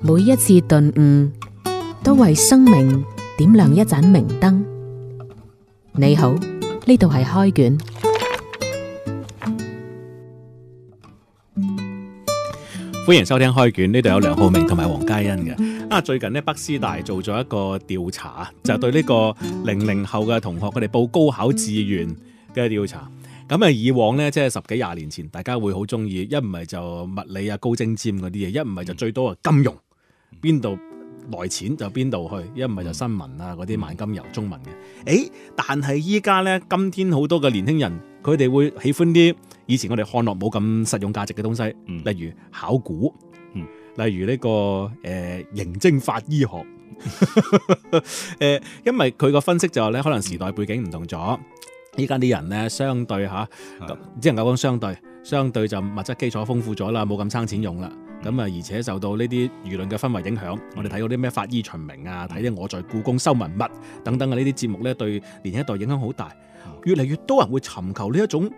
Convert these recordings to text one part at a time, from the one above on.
每一次頓悟，都為生命點亮一盞明燈。你好，呢度係開卷，歡迎收聽開卷。呢度有梁浩明同埋黃嘉欣嘅。啊，最近咧北師大做咗一個調查，就對呢個零零後嘅同學，佢哋報高考志願嘅調查。咁啊，以往咧即係十幾廿年前，大家會好中意一唔係就物理啊、高精尖嗰啲嘢，一唔係就最多係金融，邊、嗯、度來錢就邊度去，嗯、一唔係就新聞啊嗰啲萬金油中文嘅、嗯欸。但係依家咧，今天好多嘅年輕人，佢、嗯、哋會喜歡啲以前我哋看落冇咁實用價值嘅東西、嗯，例如考古，嗯、例如呢、這個誒刑、呃、偵法醫學，嗯 呃、因為佢個分析就話咧，可能時代背景唔同咗。依家啲人咧，相對吓，只能夠講相對，相對就物質基礎豐富咗啦，冇咁生錢用啦。咁、嗯、啊，而且受到呢啲輿論嘅氛圍影響，嗯、我哋睇到啲咩法醫秦明啊，睇、嗯、啲我在故宮修文物等等嘅呢啲節目咧，對年輕一代影響好大。嗯、越嚟越多人會尋求呢一種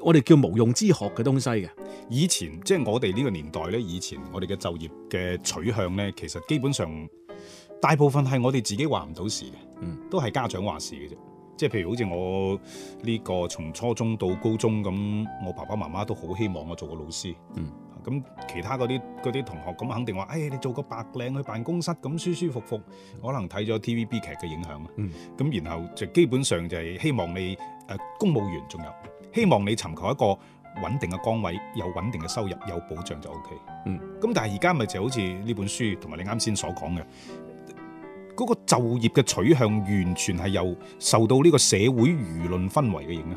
我哋叫無用之學嘅東西嘅。以前即係、就是、我哋呢個年代咧，以前我哋嘅就業嘅取向咧，其實基本上大部分係我哋自己話唔到事嘅、嗯，都係家長話事嘅啫。即係譬如好似我呢個從初中到高中咁，我爸爸媽媽都好希望我做個老師。嗯。咁其他嗰啲嗰啲同學咁肯定話，誒、哎、你做個白領去辦公室咁舒舒服服，嗯、可能睇咗 TVB 劇嘅影響。嗯。咁然後就基本上就係希望你誒、呃、公務員，仲有希望你尋求一個穩定嘅崗位，有穩定嘅收入，有保障就 OK。嗯。咁但係而家咪就好似呢本書同埋你啱先所講嘅。嗰、那個就業嘅取向完全係由受到呢個社會輿論氛圍嘅影響，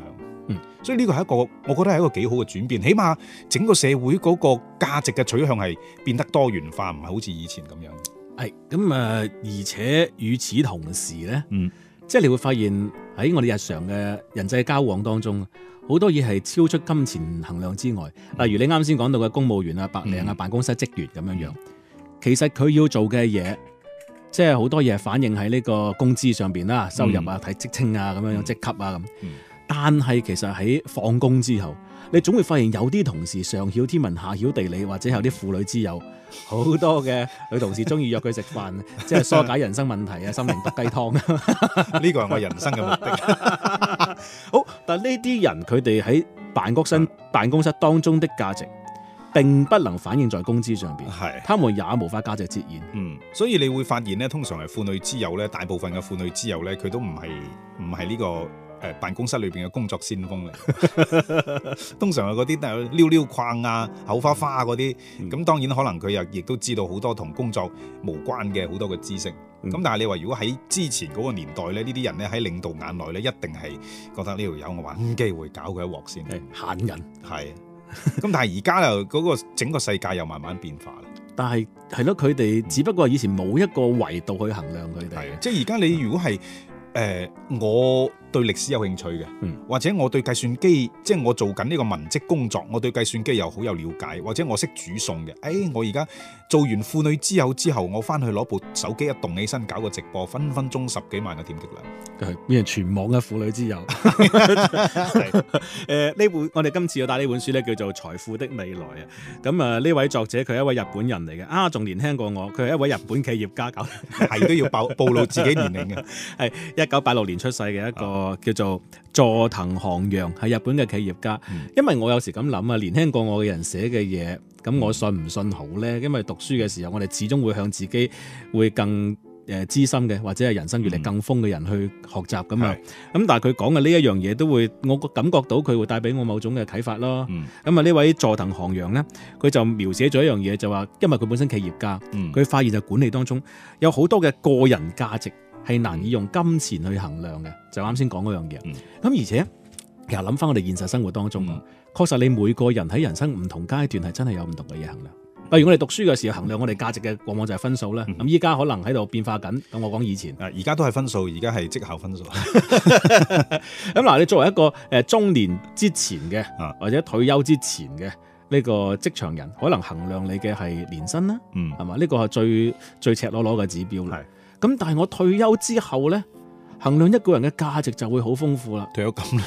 嗯，所以呢個係一個，我覺得係一個幾好嘅轉變，起碼整個社會嗰個價值嘅取向係變得多元化，唔係好似以前咁樣。係咁啊，而且與此同時咧，嗯，即係你會發現喺我哋日常嘅人際交往當中，好多嘢係超出金錢衡量之外，例、嗯、如你啱先講到嘅公務員啊、白領啊、嗯、辦公室職員咁樣樣，其實佢要做嘅嘢。即係好多嘢反映喺呢個工資上邊啦，收入啊，睇職稱啊，咁樣樣職級啊咁、嗯。但係其實喺放工之後，你總會發現有啲同事上曉天文下曉地理，或者有啲婦女之友，好多嘅女同事中意約佢食飯， 即係疏解人生問題啊， 心靈毒雞湯。呢個係我人生嘅目的。 好，但係呢啲人佢哋喺辦公室辦公室當中的價值，並不能反映在工資上邊，係，他們也無法價值折現。嗯，所以你會發現咧，通常係婦女之友咧，大部分嘅婦女之友咧，佢都唔係唔係呢個誒、呃、辦公室裏邊嘅工作先鋒嚟。 通常係嗰啲溜溜框啊、口花花嗰、啊、啲。咁、嗯、當然可能佢又亦都知道好多同工作無關嘅好多嘅知識。咁、嗯、但係你話如果喺之前嗰個年代咧，呢啲人咧喺領導眼內咧，一定係覺得呢條友我揾機會搞佢一鑊先，閒人係。咁 但係而家又嗰個整個世界又慢慢變化啦。 但係係咯，佢哋只不過以前冇一個維度去衡量佢哋。即係而家你如果係誒、嗯呃、我。對歷史有興趣嘅，或者我對計算機，即係我做緊呢個文職工作，我對計算機又好有了解，或者我識煮餸嘅。哎，我而家做完《婦女之友》之後，我翻去攞部手機一動起身搞個直播，分分鐘十幾萬嘅點擊量。變成全網嘅《婦女之友》 是。誒、 呃，呢本我哋今次要帶呢本書呢，叫做《財富的未來》啊。咁啊，呢位作者佢係一位日本人嚟嘅，啊仲年輕過我。佢係一位日本企業家搞，搞 係 都要暴暴露自己年齡嘅，係一九八六年出世嘅一個。啊叫做佐藤航洋，係日本嘅企業家、嗯。因為我有時咁諗啊，年輕過我嘅人寫嘅嘢，咁我信唔信好咧？因為讀書嘅時候，我哋始終會向自己會更誒資深嘅，或者係人生閱歷更豐嘅人去學習咁啊。咁、嗯、但係佢講嘅呢一樣嘢，都會我感覺到佢會帶俾我某種嘅啟發咯。咁、嗯、啊，位呢位佐藤航洋咧，佢就描寫咗一樣嘢，就話因為佢本身企業家，佢、嗯、發現就管理當中有好多嘅個人價值。係難以用金錢去衡量嘅，就啱先講嗰樣嘢。咁、嗯、而且其實諗翻我哋現實生活當中，嗯、確實你每個人喺人生唔同階段係真係有唔同嘅嘢衡量。例如我哋讀書嘅時候衡量我哋價值嘅，往往就係分數啦。咁依家可能喺度變化緊。咁我講以前，啊，而家都係分數，而家係績效分數。咁嗱，你作為一個誒中年之前嘅，或者退休之前嘅呢個職場人，可能衡量你嘅係年薪啦，係、嗯、嘛？呢、這個係最最赤裸裸嘅指標啦。咁但係我退休之後呢，衡量一個人嘅價值就會好豐富啦。退休咁，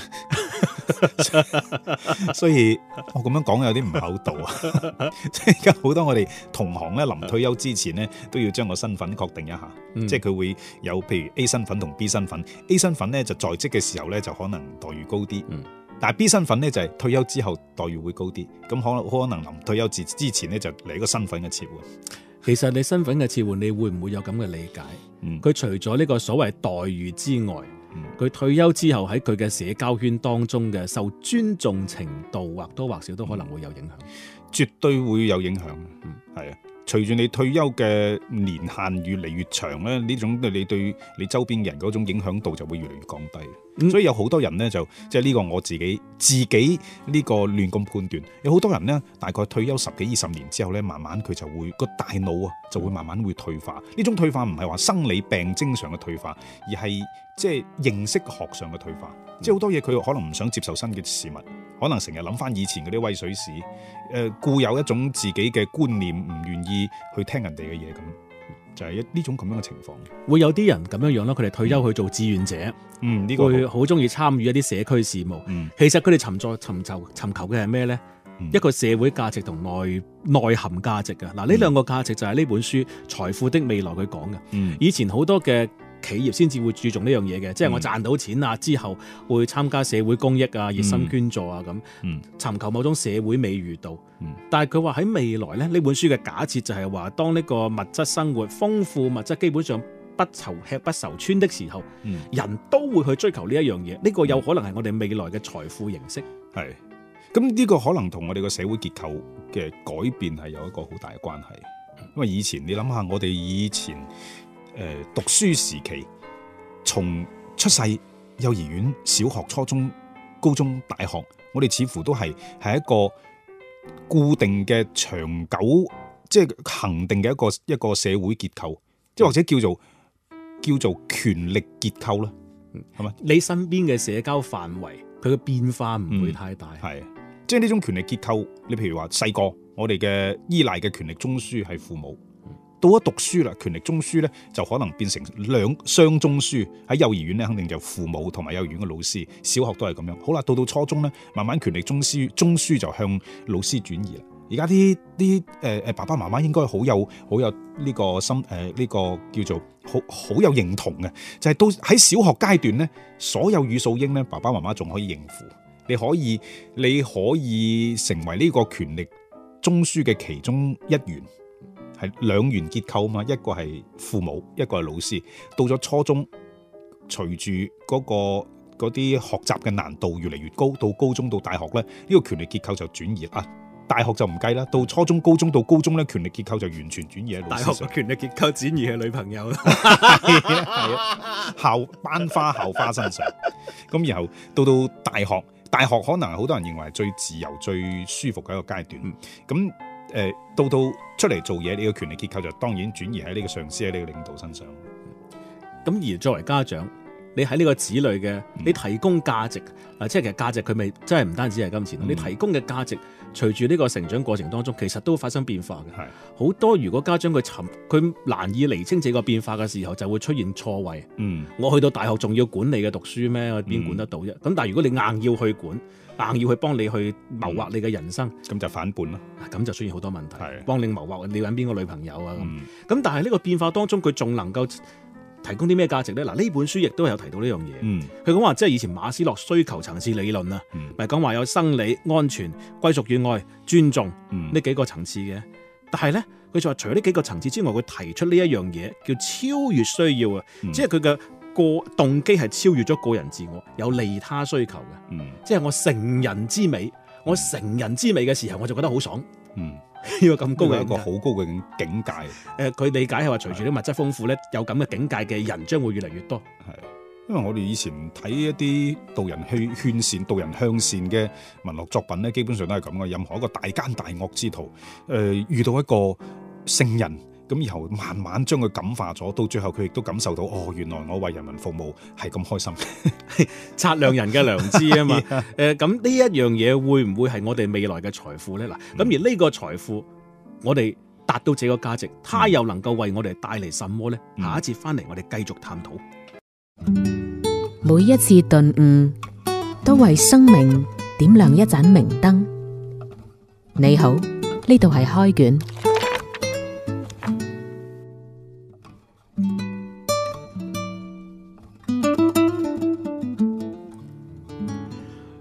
所以我咁樣講有啲唔厚道啊！即係而家好多我哋同行呢，臨退休之前呢，都要將個身份確定一下。嗯、即係佢會有譬如 A 身份同 B 身份，嗯，A 身份呢，就在職嘅時候呢，就可能待遇高啲，嗯。但係 B 身份呢，就係、是、退休之後待遇會高啲。咁可可可能臨退休之之前呢，就嚟個身份嘅切換。其實你身份嘅切換，你會唔會有咁嘅理解？佢、嗯、除咗呢個所謂待遇之外，佢、嗯、退休之後喺佢嘅社交圈當中嘅受尊重程度，或多或少都可能會有影響。嗯、絕對會有影響，係、嗯、啊。隨住你退休嘅年限越嚟越長咧，呢種對你對你周邊人嗰種影響度就會越嚟越降低。嗯、所以有好多人呢，就即係呢個我自己自己呢個亂咁判斷，有好多人呢，大概退休十幾二十年之後呢，慢慢佢就會個大腦啊就會慢慢會退化。呢種退化唔係話生理病徵上嘅退化，而係即係認識學上嘅退化。嗯、即係好多嘢佢可能唔想接受新嘅事物，可能成日諗翻以前嗰啲威水史，誒、呃，固有一種自己嘅觀念，唔願意去聽人哋嘅嘢，咁就係、是、一呢種咁樣嘅情況，會有啲人咁樣樣啦，佢哋退休去做志願者，嗯，呢個好中意參與一啲社區事務。嗯、其實佢哋尋在尋求尋求嘅係咩咧？一個社會價值同內內涵價值啊。嗱，呢兩個價值就係呢本書財富的未來，佢講嘅。以前好多嘅。企業先至會注重呢樣嘢嘅，即係我賺到錢啊、嗯、之後，會參加社會公益啊、熱心捐助啊咁、嗯，尋求某種社會美譽度。但係佢話喺未來咧，呢本書嘅假設就係話，當呢個物質生活豐富，物質基本上不愁吃不愁穿的時候、嗯，人都會去追求呢一樣嘢。呢、這個有可能係我哋未來嘅財富形式。係，咁呢個可能同我哋個社會結構嘅改變係有一個好大嘅關係。因為以前你諗下，我哋以前。誒，讀書時期，從出世、幼兒園、小學、初中、高中、大學，我哋似乎都係喺一個固定嘅長久，即係恆定嘅一個一個社會結構，即或者叫做叫做權力結構啦，係嘛？你身邊嘅社交範圍，佢嘅變化唔會太大，係、嗯，即係呢種權力結構，你譬如話細個，我哋嘅依賴嘅權力中樞係父母。到咗讀書啦，權力中樞咧就可能變成兩雙中樞。喺幼兒園咧，肯定就父母同埋幼兒園嘅老師，小學都係咁樣。好啦，到到初中咧，慢慢權力中樞中樞就向老師轉移啦。而家啲啲誒誒爸爸媽媽應該好有好有呢個心誒呢個叫做好好有認同嘅，就係到喺小學階段咧，所有語數英咧，爸爸媽媽仲可以應付，你可以你可以成為呢個權力中樞嘅其中一員。係兩元結構嘛，一個係父母，一個係老師。到咗初中，隨住嗰個嗰啲學習嘅難度越嚟越高，到高中到大學咧，呢、這個權力結構就轉移啊！大學就唔計啦，到初中、高中到高中咧，權力結構就完全轉移喺老師。大學嘅權力結構轉移喺女朋友，係 啊 ，校班花校花身上。咁 然後到到大學，大學可能好多人認為係最自由、最舒服嘅一個階段。咁、嗯誒到到出嚟做嘢，你嘅權力結構就當然轉移喺呢個上司，喺呢個領導身上。咁、嗯、而作為家長。你喺呢個子女嘅，你提供價值，嗱、嗯，即係其實價值佢咪真係唔單止係金錢咯。你提供嘅價值，隨住呢個成長過程當中，其實都會發生變化嘅。好多，如果家長佢尋佢難以釐清這個變化嘅時候，就會出現錯位、嗯。我去到大學仲要管你嘅讀書咩？我邊管得到啫？咁、嗯、但係如果你硬要去管，硬要去幫你去謀劃你嘅人生，咁、嗯、就反叛咯。咁、啊、就出現好多問題。係幫你謀劃你揾邊個女朋友啊咁、嗯。但係呢個變化當中，佢仲能夠提供啲咩價值咧？嗱，呢本書亦都有提到呢樣嘢。嗯，佢講話即係以前馬斯洛需求層次理論啊，咪講話有生理、安全、歸屬與愛、尊重呢、嗯、幾個層次嘅。但係咧，佢就話除咗呢幾個層次之外，佢提出呢一樣嘢叫超越需要啊、嗯，即係佢嘅個動機係超越咗個人自我，有利他需求嘅、嗯。即係我成人之美，嗯、我成人之美嘅時候，我就覺得好爽。嗯。呢個咁高嘅、啊、一個好高嘅境界。誒、呃，佢理解係話，隨住啲物質豐富咧，有咁嘅境界嘅人將會越嚟越多。係，因為我哋以前睇一啲導人去勸善、導人向善嘅文學作品咧，基本上都係咁嘅。任何一個大奸大惡之徒，誒、呃、遇到一個聖人。咁然後慢慢將佢感化咗，到最後佢亦都感受到哦，原來我為人民服務係咁開心，測量人嘅良知啊 嘛。誒、呃，咁呢一樣嘢會唔會係我哋未來嘅財富呢？嗱，咁而呢個財富，我哋達到這個價值，它又能夠為我哋帶嚟什麼呢？嗯、下一節翻嚟，我哋繼續探討、嗯。每一次頓悟，都為生命點亮一盞明燈。你好，呢度係開卷。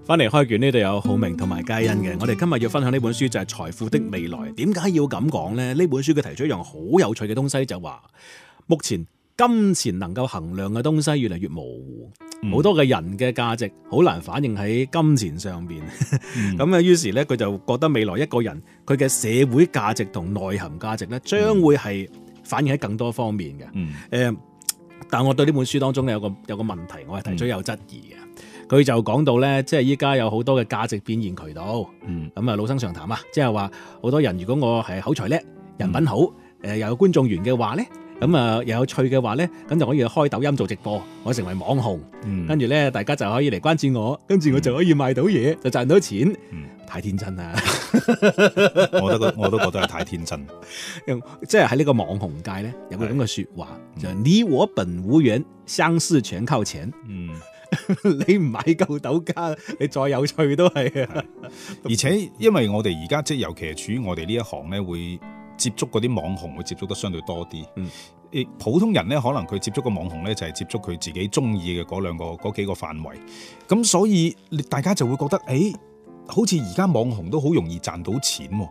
翻嚟開卷，呢度有浩明同埋佳欣嘅。我哋今日要分享呢本書就係、是《財富的未來》。點解要咁講呢？呢本書佢提出一樣好有趣嘅東西，就話、是、目前金錢能夠衡量嘅東西越嚟越模糊，好多嘅人嘅價值好難反映喺金錢上邊。咁、嗯、啊，於是呢，佢就覺得未來一個人佢嘅社會價值同內涵價值呢，將會係反映喺更多方面嘅。誒、嗯，但我對呢本書當中有個有個問題，我係提出有質疑嘅。佢就講到咧，即係依家有好多嘅價值變現渠道，咁、嗯、啊，老生常談啊，即係話好多人如果我係口才叻、人品好，嗯、又有觀眾緣嘅話咧，咁、嗯、啊又有趣嘅話咧，咁就可以開抖音做直播，我成為網紅，跟住咧大家就可以嚟關注我，跟住我就可以賣到嘢、嗯，就賺到錢、嗯。太天真啦！ 我都覺我都覺得係太天真。即係喺呢個網紅界咧，有個咁嘅説話就係、是：你我本無緣，相思全靠錢。嗯。 你唔係夠豆家，你再有趣都係。而且，因為我哋而家即係，尤其係處於我哋呢一行咧，會接觸嗰啲網紅，會接觸得相對多啲。嗯，普通人咧，可能佢接觸個網紅咧，就係、是、接觸佢自己中意嘅嗰兩個、嗰幾個範圍。咁所以大家就會覺得，誒、哎，好似而家網紅都好容易賺到錢、哦。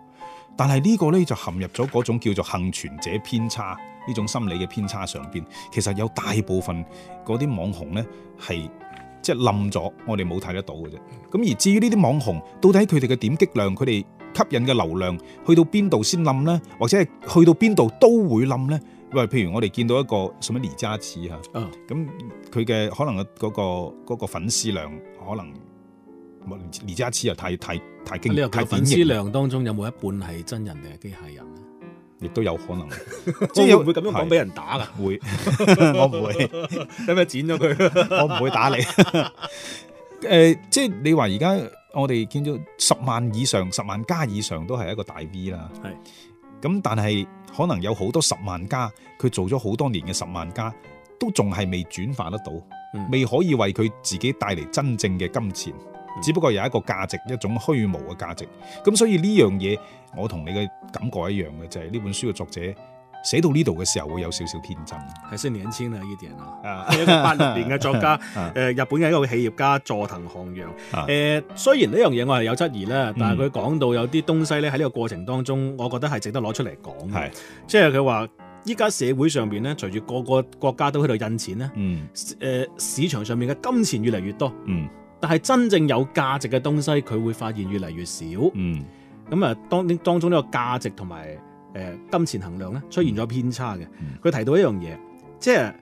但係呢個咧就陷入咗嗰種叫做幸存者偏差呢種心理嘅偏差上邊。其實有大部分嗰啲網紅咧係。是即係冧咗，我哋冇睇得到嘅啫。咁而至於呢啲網紅，到底佢哋嘅點擊量，佢哋吸引嘅流量去到邊度先冧咧，或者係去到邊度都會冧咧？喂，譬如我哋見到一個什麼尼佳智嚇，咁佢嘅可能嗰、那個、那個粉絲量可能李佳琦又太太太驚，太這個、粉絲量當中有冇一半係真人定係機械人？亦都有可能，即 係會唔會咁樣講俾人打噶？會，我唔會，使咪剪咗佢？我唔會打你。誒、 呃，即係你話而家我哋見到十萬以上、十萬加以上都係一個大 V 啦。係咁，但係可能有好多十萬加，佢做咗好多年嘅十萬加，都仲係未轉化得到，未可以為佢自己帶嚟真正嘅金錢。只不過有一個價值，一種虛無嘅價值。咁所以呢樣嘢，我同你嘅感覺一樣嘅，就係、是、呢本書嘅作者寫到呢度嘅時候，會有少少天真。係森田千啊呢啲人啊，係一個八六年嘅作家，誒、啊啊、日本嘅一個企業家佐藤航陽。誒、啊啊、雖然呢樣嘢我係有質疑啦，但係佢講到有啲東西咧，喺呢個過程當中，我覺得係值得攞出嚟講。係，即係佢話依家社會上邊咧，隨住個個國家都喺度印錢咧，誒、啊啊、市場上面嘅金錢越嚟越多。啊、嗯。但係真正有價值嘅東西，佢會發現越嚟越少。嗯，咁啊，當當中呢個價值同埋誒金錢衡量咧，出現咗偏差嘅。佢、嗯、提到一樣嘢，即係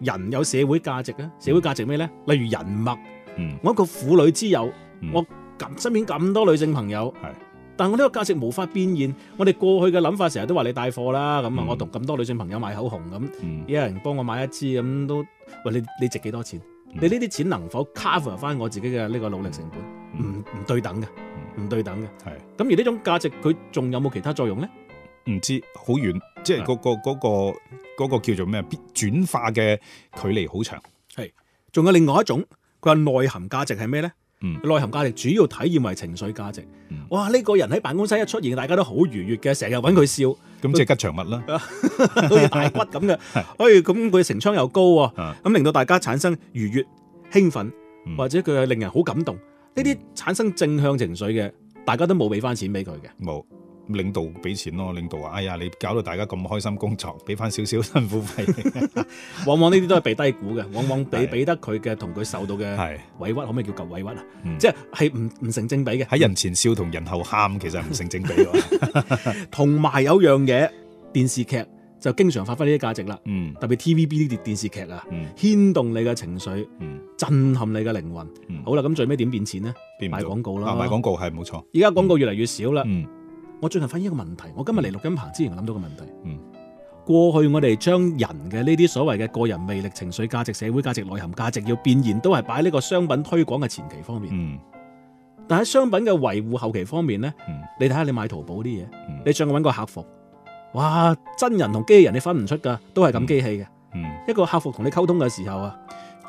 人有社會價值啊！社會價值咩咧、嗯？例如人脈、嗯。我一個婦女之友，嗯、我身邊咁多女性朋友，係，但我呢個價值無法變現。我哋過去嘅諗法，成日都話你帶貨啦。咁啊，我同咁多女性朋友買口紅，咁一人幫我買一支，咁都喂你，你值幾多錢？嗯、你呢啲錢能否 cover 翻我自己嘅呢個努力成本？唔、嗯、唔對等嘅，唔對等嘅。咁而呢種價值佢仲有冇其他作用咧？唔知好遠，即係嗰個叫做咩？轉化嘅距離好長。係，仲有另外一種佢話內涵價值係咩咧？內涵價值主要體現為情緒價值。嗯、哇！呢、呢個人喺辦公室一出現，大家都好愉悅嘅，成日揾佢笑。嗯。咁即係吉祥物啦，好 似大骨咁嘅，哎，咁佢成窗又高喎，咁令到大家產生愉悅、興奮，或者佢係令人好感動，呢啲產生正向情緒嘅，大家都冇俾翻錢俾佢嘅，冇。領導俾錢咯，領導話，哎呀，你搞到大家咁開心工作，俾翻少少辛苦費。 往往呢啲都係被低估嘅，往往俾俾得佢嘅同佢受到嘅委屈，可唔可以叫舊委屈啊、嗯？即係唔唔成正比嘅。喺人前笑同人後喊其實唔成正比。 同埋有樣嘢，電視劇就經常發揮呢啲價值啦、嗯。特別 TVB 呢啲電視劇、嗯嗯嗯、啊，牽動你嘅情緒，震撼你嘅靈魂。好啦，咁最尾點變錢呢？賣廣告啦，賣廣告係冇錯。而家廣告越嚟越少啦。嗯嗯。我最近發現一個問題，我今日嚟錄音棚之前，我諗到個問題。嗯，過去我哋將人嘅呢啲所謂嘅個人魅力、情緒價值、社會價值、內涵價值要變現，都係擺喺呢個商品推廣嘅前期方面。嗯，但喺商品嘅維護後期方面咧、嗯，你睇下你買淘寶啲嘢，你再搵個客服，哇，真人同機器人你分唔出噶，都係咁機器嘅、嗯嗯。一個客服同你溝通嘅時候啊，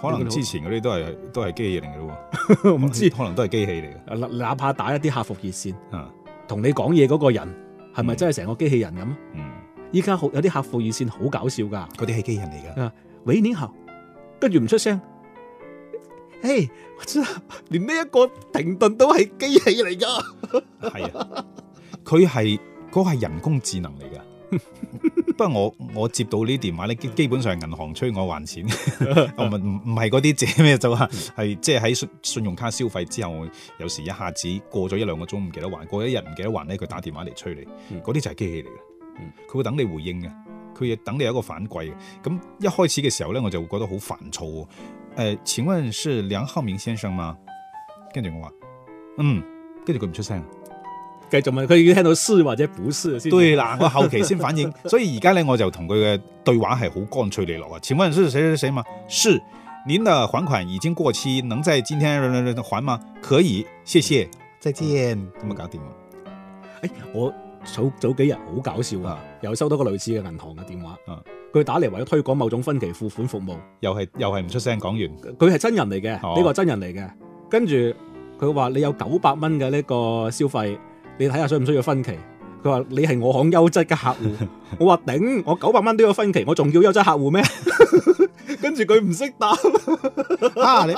可能之前嗰啲都係都係機器人嘅咯，唔 知可能都係機器嚟嘅。哪怕打一啲客服熱線、嗯同你講嘢嗰個人係咪真係成個機器人咁？依家好有啲客服熱線好搞笑噶，嗰啲係機器人嚟噶。喂，你好，跟住唔出聲。誒，我連呢一個停頓都係機器嚟噶。係啊，佢係嗰個係人工智能嚟噶。 不過我我接到呢啲電話咧，基基本上係銀行催我還錢，唔唔唔係嗰啲借咩就話係，即係喺信用卡消費之後，我有時一下子過咗一兩個鐘唔記得還，過一日唔記得還咧，佢打電話嚟催你，嗰、嗯、啲就係機器嚟嘅，佢、嗯、會等你回應嘅，佢亦等你有一個反饋嘅。咁一開始嘅時候咧，我就會覺得好煩躁。誒、呃，請問是梁浩明先生嗎？跟住我話，嗯，跟住佢唔出聲。繼續問，佢已經聽到是或者不是先。對啦，我後期先反應， 所以而家咧我就同佢嘅對話係好乾脆利落啊！請問是寫寫寫嘛，是您的還款已經過期，能在今天還嗎？可以，謝謝，再見，咁、嗯、啊搞掂誒、哎，我早早幾日好搞笑啊，又收到個類似嘅銀行嘅電話，佢、啊啊、打嚟為咗推廣某種分期付款服務，又係又係唔出聲講完，佢係真人嚟嘅，呢、哦這個真人嚟嘅，跟住佢話你有九百蚊嘅呢個消費。你睇下需唔需要分期？佢話你係我行優質嘅客戶， 我話頂，我九百蚊都要分期，我仲叫優質客戶咩？ 跟住佢唔識答啊！你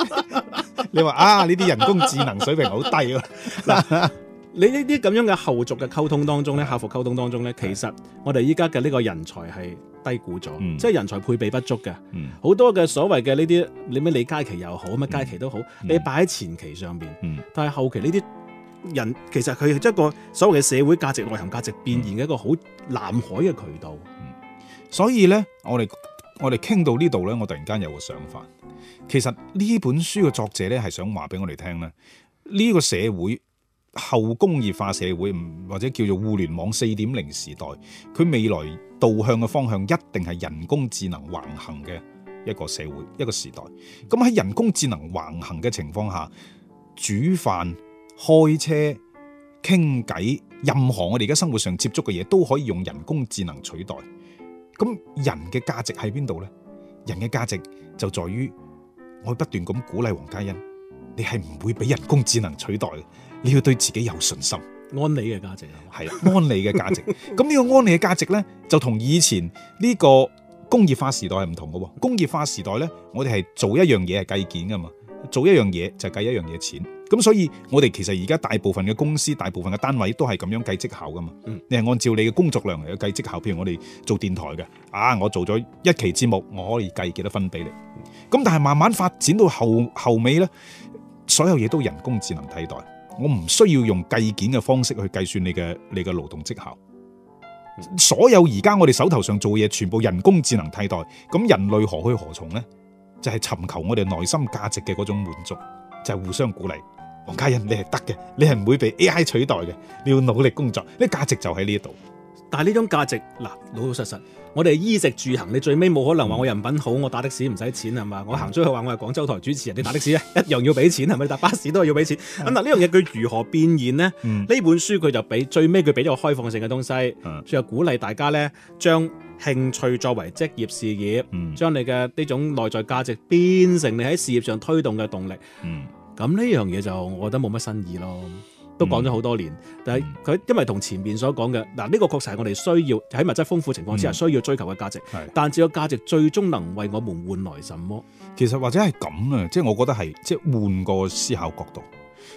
你話啊？呢啲人工智能水平好低喎、啊！嗱， 你呢啲咁樣嘅後續嘅溝通當中咧，客服溝通當中咧，其實我哋依家嘅呢個人才係低估咗、嗯，即係人才配備不足嘅，好、嗯、多嘅所謂嘅呢啲，你咩李佳琦又好，咩佳琦都好，嗯、你擺喺前期上邊、嗯，但係後期呢啲。人其實佢係一個所謂嘅社會價值、內涵價值變現嘅一個好藍海嘅渠道。嗯、所以呢，我哋我哋傾到呢度呢，我突然間有個想法。其實呢本書嘅作者呢，係想話俾我哋聽咧，呢個社會後工業化社會，或者叫做互聯網四點零時代，佢未來導向嘅方向一定係人工智能橫行嘅一個社會一個時代。咁喺人工智能橫行嘅情況下，煮飯、開車、傾偈，任何我哋而家生活上接觸嘅嘢都可以用人工智能取代。咁人嘅價值喺邊度呢？人嘅價值就在於我不斷咁鼓勵黃嘉欣，你係唔會俾人工智能取代嘅。你要對自己有信心。安利嘅價值係安利嘅價值。咁呢 個安利嘅價值呢，就同以前呢個工業化時代係唔同嘅。工業化時代呢，我哋係做一樣嘢係計件噶嘛，做一樣嘢就計一樣嘢錢。咁所以，我哋其實而家大部分嘅公司、大部分嘅單位都係咁樣計績效噶嘛。你係按照你嘅工作量嚟去計績效，譬如我哋做電台嘅，啊，我做咗一期節目，我可以計幾多分俾你。咁但係慢慢發展到後後尾呢，所有嘢都人工智能替代，我唔需要用計件嘅方式去計算你嘅你嘅勞動績效。所有而家我哋手頭上做嘢，全部人工智能替代，咁人類何去何從呢？就係尋求我哋內心價值嘅嗰種滿足，就係互相鼓勵。王家欣，你係得嘅，你係唔會被 AI 取代嘅。你要努力工作，呢價值就喺呢度。但係呢種價值嗱，老老實實，我哋衣食住行，你最尾冇可能話我人品好，嗯、我打的士唔使錢係嘛？我行出去話我係廣州台主持人，你打的士、嗯、一樣要俾錢係咪？搭巴士都係要俾錢。咁嗱呢樣嘢佢如何變現呢？呢、嗯、本書佢就俾最尾佢俾咗個開放性嘅東西，最後鼓勵大家呢，將興趣作為職業事業，嗯、將你嘅呢種內在價值變成你喺事業上推動嘅動力。嗯咁呢樣嘢就我覺得冇乜新意咯，都講咗好多年。嗯、但係佢因為同前面所講嘅嗱，呢、嗯這個確實係我哋需要喺物質豐富情況之下需要追求嘅價值。嗯、但係至於價值最終能為我們換來什麼？其實或者係咁啊，即係我覺得係即係換個思考角度，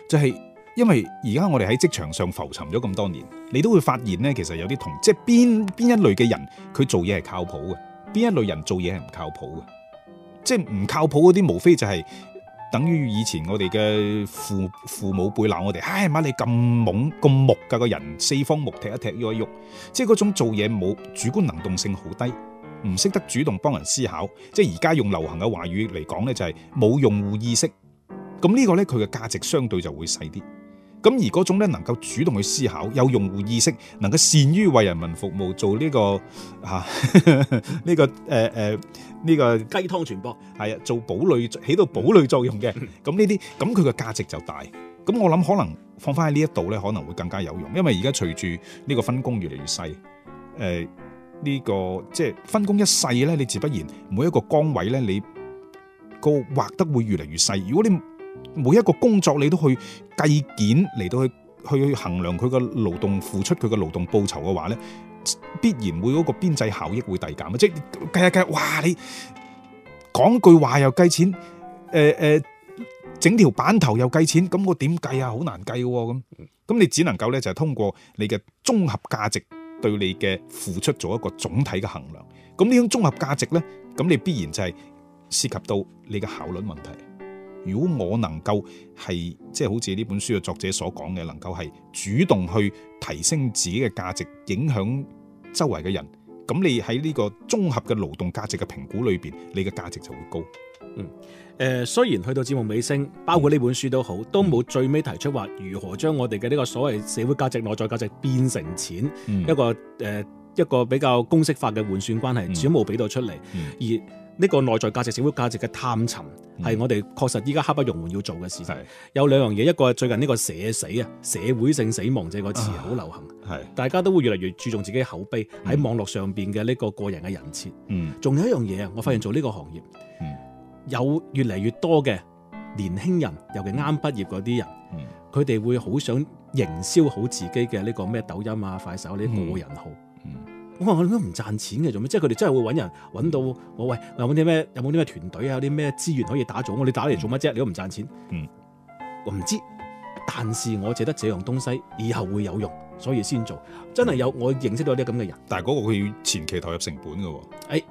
就係、是、因為而家我哋喺職場上浮沉咗咁多年，你都會發現呢，其實有啲同即係邊邊一類嘅人，佢做嘢係靠譜嘅，邊一類人做嘢係唔靠譜嘅，即係唔靠譜嗰啲，無非就係、是。等於以前我哋嘅父父母輩鬧我哋，唉、哎，咪你咁懵咁木㗎個人，四方木踢一踢喐一喐，即係嗰種做嘢冇主觀能動性好低，唔識得主動幫人思考，即係而家用流行嘅話語嚟講咧，就係冇用戶意識。咁、這、呢個咧佢嘅價值相對就會細啲。咁而嗰種咧能夠主動去思考，有用戶意識，能夠善於為人民服務，做呢、這個嚇呢、啊這個誒誒呢個雞湯傳播，係啊，做堡壘起到堡壘作用嘅，咁呢啲咁佢嘅價值就大。咁我諗可能放翻喺呢一度咧，可能會更加有用，因為而家隨住呢個分工越嚟越細，誒、呃、呢、這個即係、就是、分工一細咧，你自不然每一個崗位咧，你個劃得會越嚟越細。如果你每一個工作你都去計件，嚟到去去衡量佢嘅勞動付出，佢嘅勞動報酬嘅話咧，必然會嗰個邊際效益會遞減啊！即係計下計，哇！你講句話又計錢，誒、呃、誒，整條板頭又計錢，咁我點計啊？好難計喎！咁咁你只能夠咧就係通過你嘅綜合價值對你嘅付出做一個總體嘅衡量。咁呢種綜合價值咧，咁你必然就係涉及到你嘅效率問題。如果我能夠係即係好似呢本書嘅作者所講嘅，能夠係主動去提升自己嘅價值，影響周圍嘅人，咁你喺呢個綜合嘅勞動價值嘅評估裏邊，你嘅價值就會高。嗯，誒、呃、雖然去到節目尾聲，包括呢本書都好，嗯、都冇最尾提出話如何將我哋嘅呢個所謂社會價值、內在價值變成錢、嗯、一個誒、呃、一個比較公式化嘅換算關係，都冇俾到出嚟、嗯。而呢、這個內在價值、社會價值嘅探尋，係、嗯、我哋確實依家刻不容緩要做嘅事情。有兩樣嘢，一個最近呢個社死啊，社會性死亡這個詞好流行、啊，大家都會越嚟越注重自己口碑喺、嗯、網絡上邊嘅呢個個人嘅人設。仲、嗯、有一樣嘢我發現做呢個行業，嗯、有越嚟越多嘅年輕人，尤其啱畢業嗰啲人，佢、嗯、哋會好想營銷好自己嘅呢個咩抖音啊、快手呢啲個人號。嗯嗯我、哦、話我都唔賺錢嘅做咩？即係佢哋真係會揾人揾到我喂，有冇啲咩，有冇啲咩團隊啊？有啲咩資源可以打造？我你打嚟做乜啫？你都唔賺錢。嗯，我唔知，但是我捨得呢樣東西，以後會有用，所以先做。真係有我認識到啲咁嘅人。嗯、但係嗰個佢前期投入成本嘅喎。誒、哎，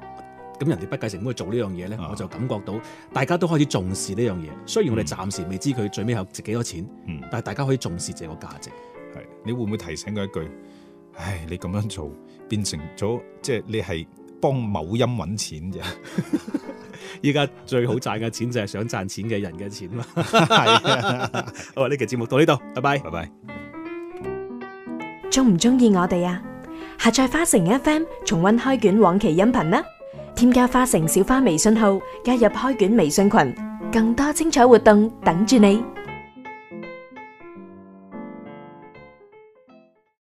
咁人哋不計成本做呢樣嘢咧，我就感覺到大家都開始重視呢樣嘢。雖然我哋暫時未知佢最尾有值幾多錢，嗯、但係大家可以重視這個價值。係，你會唔會提醒佢一句？唉，你咁樣做，變成咗即係你係幫某音揾錢嘅。依 家 最好賺嘅錢就係想賺錢嘅人嘅錢嘛。係 好，呢期節目到呢度，拜拜，拜拜。中唔中意我哋啊？下載花城 FM 重温開卷往期音頻呢，添加花城小花微信號，加入開卷微信群，更多精彩活動等住你。